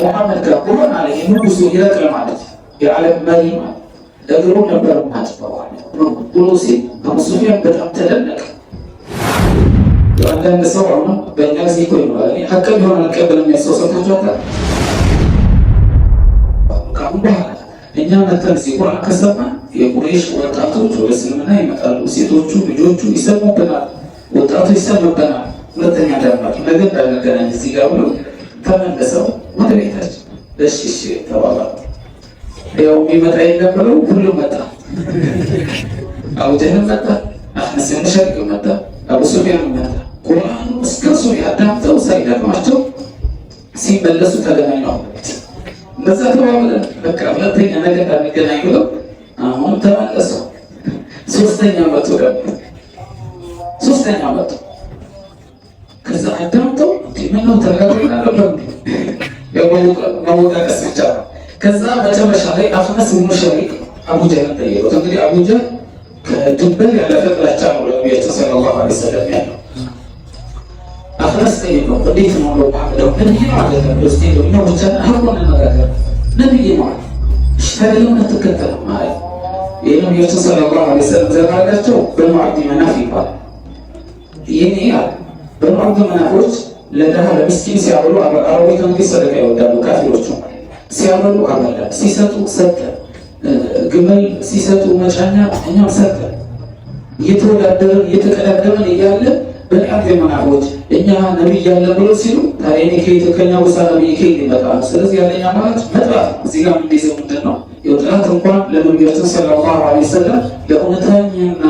የሙሐመድ ከቁርአን አለ የንጉሱ ይረቅል ማለት የዓለም መሪ ማለት ደግሮ ነበር ማጥበዋል ብሎ ሲል አቡ በጣም ተደነቀ። አንዳንድ ሰው አሁን በእኛ ጊዜ እኮ ይኖራል ሀቅ ቢሆን አንቀበል የሚያሰው ሰምታችኋታል። ከአሁን በኋላ እኛ መተን ሲቁርአን አከሰማ የቁሬሽ ወጣቶች ወደ እስልምና ይመጣሉ። ሴቶቹ ልጆቹ ይሰሙብናል፣ ወጣቱ ይሰሙብናል። ሁለተኛ ዳማቂ ነገር ዳመገናኝ እዚህ ብሎ ተመለሰው መድሬት ህዝብ ደስ ሲ ተባባሉ። ያው የሚመጣ የነበረው ሁሉ መጣ። አቡጀህል መጣ፣ አህመድ ሸርቅ መጣ፣ አቡ መጣ። ቁርአኑ እስከ ሱሪያ አዳምጠው ሳይደግማቸው ሲመለሱ ተገናኙ። እንደዛ ተባብለ በቃ ሁለተኛ ነገር እንዳንገናኝ ብለው አሁን ተመለሱ። ሶስተኛ መጡ ደግሞ ሶስተኛ መጡ። ከዛ አዳምጠው ምነው ተጋሩ ናለበ በመወቃቀስ ብቻ ነው። ከዛ መጨረሻ ላይ አፍነስ ብኑ ሸሪቅ አቡጀህል ጠየቁት። እንግዲህ አቡጀህል ከድንበር ያለፈ ጥላቻ ነው ለነቢያችን ሰለላሁ ዐለይሂ ወሰለም ያለው። አፍነስ ጠየቀው እንዴት ነው ለው ማምለው ነቢይ ማለት ነው ስ ነ ብቻ ሀሮ መነጋገር ነቢይ ማለት ተገለም ከተከተለ ማለት የነቢያችን ሰለላሁ ዐለይሂ ወሰለም ዘባጋቸው በኑ መናፍ ይባላል። ይህኔ በኑ አብዲ መናፎች ለድሃ ለምስኪን ሲያበሉ አራዊት መንግስት ሰደቃ ይወዳሉ። ካፊሮቹ ሲያበሉ አበላ፣ ሲሰጡ ሰጠ። ግመል ሲሰጡ መጫኛ እኛም ሰጠ። እየተወዳደርን እየተቀዳደመን እያለ በጣም የመናፎች እኛ ነቢይ ያለ ብሎ ሲሉ ታዲያ እኔ ከየት ከኛ ውሳ ነቢይ ከየት ይመጣል? ስለዚህ ያለኛ ማለት መጥራት እዚህ ጋር ምንዴዘው ምንድን ነው? ጥራት እንኳን ለመንገርትን ሰለላሁ ዐለይሂ ወሰለም ለእውነተኛና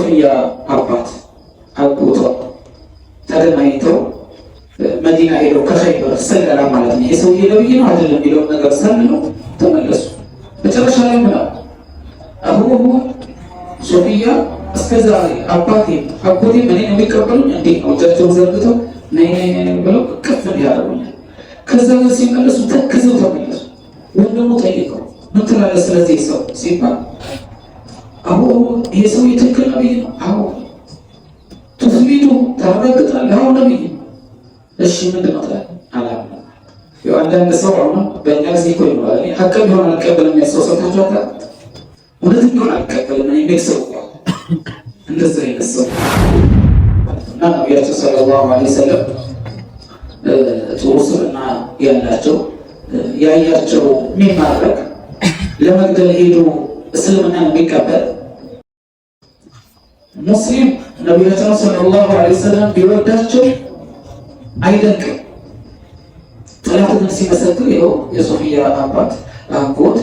የሶፊያ አባት አጎቷ ተገናኝተው መዲና ሄደው ከኸይበር ሰለላ ማለት ነው። የሰው ነብይ ነው አይደለም የሚለው ነገር ሰልለው ተመለሱ። መጨረሻ ላይ ምና አብሮሁ ሶፊያ እስከዛ አባቴ አጎቴ እኔ ነው የሚቀበሉኝ፣ እንዴ ነው እጃቸውን ዘርግተው ብለው ቅፍ ያደርጉኛል። ከዛ ሲመለሱ ተክዘው ተመለሱ። ወንድሙ ጠይቀው ምን ትላለህ ስለዚህ ሰው ሲባል አዎ ይሄ ሰው የትክክል ነብይ ነው። አዎ ትስሚቱ ታረጋግጣለህ። አዎ ነብይ እሺ ምንድን ነው ትላለህ? አላምንም። ያው አንዳንድ ሰው አሁን በእኛ ጊዜ እኮ ይኖራል። ሀቅ ቢሆን አልቀበልም የሚያስበው ሰምታችኋል። እውነት ቢሆን አልቀበልም እኔ ሰው እንደዛ አይነት ሰው እና ሰለላሁ ዐለይሂ ወሰለም ጥሩ ስብዕና ያላቸው ያያቸው የሚማረክ ለመግደል ሄዶ እስልምና የሚቀበል ሙስሊም ነቢያችን ሰለላሁ ዐለይሂ ወሰለም ቢወዳቸው አይደንቅም። ጥላትንም ሲመሰክር ይኸው የሶፊያ አባት አጎት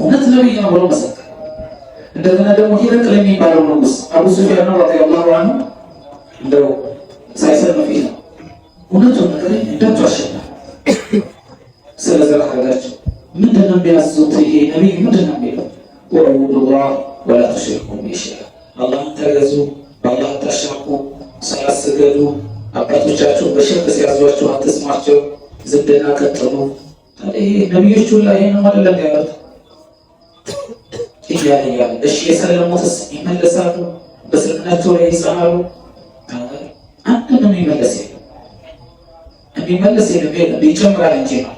እውነት ነቢይ ነው ብሎ መሰከረ። እንደገና ደግሞ ሂረቅል የሚባለው ንጉስ አቡ ሱፊያን ነው ረዲየላሁ ዐንሁ እንደው ሳይሰንፍ ይላል እውነቱን ነገር እንዳቸው አሸናል ስለዘራረጋቸው ምንድነው የሚያዙት? ይሄ ነቢይ ምንድነው የሚለው ወአቡዱላህ ወላ ቱሽሪኩ ቢሂ ተገዙ፣ በአላህ ተሻቁ፣ ሰላት ስገዱ። አባቶቻችሁን በሽርክ ሲያዟችሁ አትስማቸው፣ ዝምድና ቀጥሉ። ነቢዮቹ ላይ ነው አይደለም ያሉት እያለ እያለ እሺ፣ የሰለሙትስ ይመለሳሉ፣ በእስልምናቸው ላይ ይጸናሉ። አንድንም ይመለስ የለም የሚመለስ የለም የለም ይጨምራል እንጂ ማለት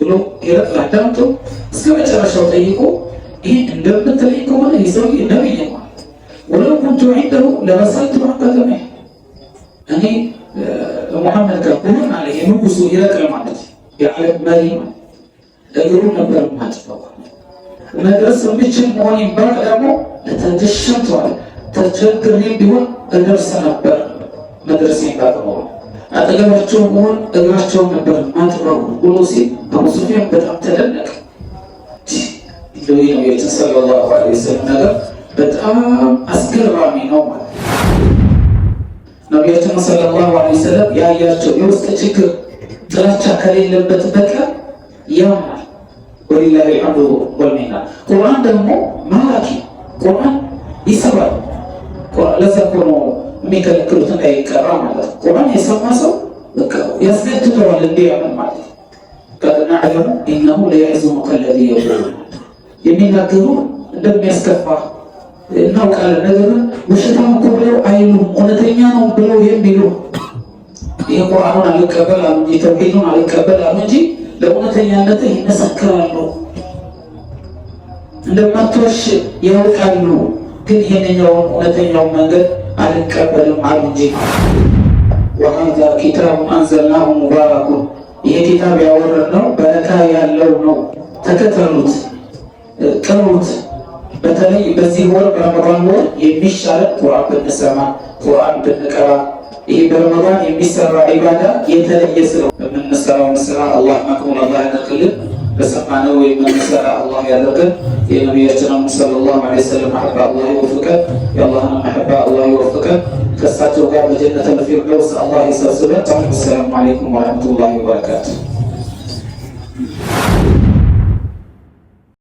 ብሎ አዳምጦ እስከ መጨረሻው ጠይቆ ይህ እንደምትለኝ ከሆነ ይዘው ነብይ ማለት ወለው ኩንቱ ዒንደሁ ለበሰልቱ ከተመ እኔ ሙሐመድ ከብሩን አለ የንጉሱ ይረቅል ማለት የዓለም መሪ እግሩ ነበር ማጭበው መድረስ የሚችል መሆን ይባል ደግሞ ተደሸምተዋል። ተቸግሬ ቢሆን እደርስ ነበር መድረስ ባቅበው አጠገባቸው መሆን እግራቸው ነበር ማጥበው ብሎ ሲል አቡ ሱፊያን በጣም ተደነቀ። ይህ ነው የነቢያችን ሰለላሁ ዐለይሂ ወሰለም ነገር በጣም አስገራሚ ነው ማለት ነው። ነቢያችን ሰለላሁ ዐለይሂ ወሰለም ያያቸው የውስጥ ችግር ጥላቻ ከሌለበት በቀር ያማል። ወሊላሂ አምሩ ወልሚና ቁርአን ደግሞ ማራኪ ቁርአን ይሰራል። ለዛ እኮ ነው የሚከለክሉት እንዳይቀራ ማለት ነው። ቁርአን የሰማ ሰው ያስገድደዋል እንዲያምን ማለት ነው። ቀጥናዕለሙ ኢነሁ ለየሕዝኑከ ለዚ የቁሉን የሚናገሩ እንደሚያስከፋ እናውቃለን። ነገር ግን ውሸታም እኮ ብለው አይሉም፣ እውነተኛ ነው ብለው የሚሉ የቁርአኑን አልቀበል አሉ፣ የተውሂዱን አልቀበል አሉ እንጂ ለእውነተኛነት ይመሰክራሉ፣ እንደማትወሽ ያውቃሉ። ግን ይህንኛውን እውነተኛውን መንገድ አልቀበልም አሉ እንጂ ወሀዛ ኪታቡን አንዘልናሁ ሙባረኩን፣ ይሄ ኪታብ ያወረድነው በረካ ያለው ነው፣ ተከተሉት፣ ቅሩት በተለይ በዚህ ወር በረመዳን ወር የሚሻለን ቁርአን ብንሰማ ቁርአን ብንቀራ፣ ይህ በረመዳን የሚሰራ ዒባዳ የተለየ ስለ በምንሰራው ስራ አላህ ማክሙን አላህ ያደርግልን። በሰማነው የምንሰራ አላህ ያደርገን። የነቢያችንን ሰለላሁ ዐለይሂ ወሰለም መሐባ አላህ ይወፍቀን። የአላህን መሐባ አላህ ይወፍቀን። ከእሳቸው ጋር በጀነተል ፊርደውስ አላህ ይሰብስበን። ሰላሙ አለይኩም ወረሕመቱላሂ ወበረካቱ